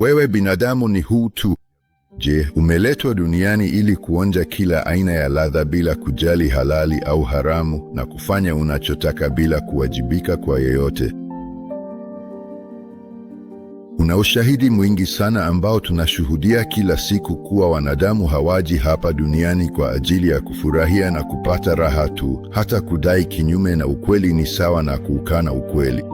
Wewe binadamu ni huu tu. Je, umeletwa duniani ili kuonja kila aina ya ladha bila kujali halali au haramu na kufanya unachotaka bila kuwajibika kwa yeyote? Una ushahidi mwingi sana ambao tunashuhudia kila siku kuwa wanadamu hawaji hapa duniani kwa ajili ya kufurahia na kupata raha tu. Hata kudai kinyume na ukweli ni sawa na kuukana ukweli.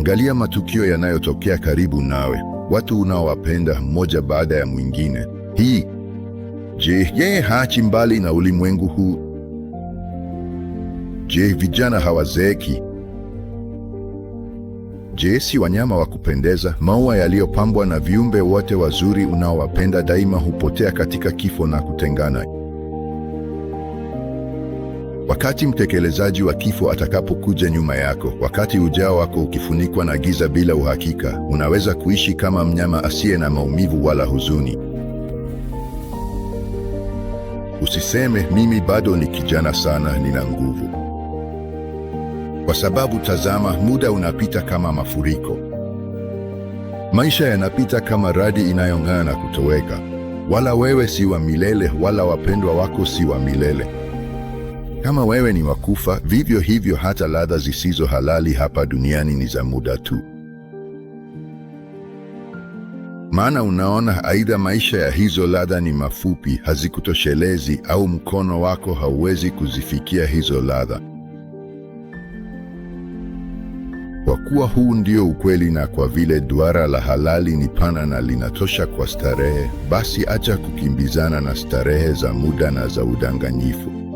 Angalia matukio yanayotokea karibu nawe, watu unaowapenda mmoja baada ya mwingine. Hii je, yeye haachi mbali na ulimwengu huu? Je, vijana hawazeeki? Je, si wanyama wa kupendeza, maua yaliyopambwa na viumbe wote wazuri unaowapenda daima hupotea katika kifo na kutengana? Wakati mtekelezaji wa kifo atakapokuja nyuma yako, wakati ujao wako ukifunikwa na giza bila uhakika, unaweza kuishi kama mnyama asiye na maumivu wala huzuni. Usiseme mimi bado ni kijana sana, nina nguvu, kwa sababu tazama, muda unapita kama mafuriko, maisha yanapita kama radi inayong'aa na kutoweka. Wala wewe si wa milele, wala wapendwa wako si wa milele. Kama wewe ni wakufa, vivyo hivyo hata ladha zisizo halali hapa duniani ni za muda tu. Maana unaona, aidha maisha ya hizo ladha ni mafupi, hazikutoshelezi, au mkono wako hauwezi kuzifikia hizo ladha. Kwa kuwa huu ndio ukweli, na kwa vile duara la halali ni pana na linatosha kwa starehe, basi acha kukimbizana na starehe za muda na za udanganyifu.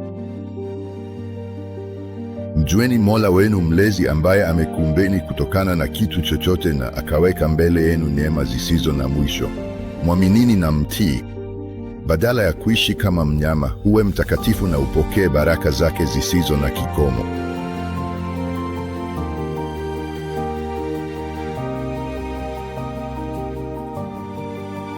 Mjueni Mola wenu mlezi ambaye amekumbeni kutokana na kitu chochote na akaweka mbele yenu neema zisizo na mwisho. Mwaminini na mtii. Badala ya kuishi kama mnyama, uwe mtakatifu na upokee baraka zake zisizo na kikomo.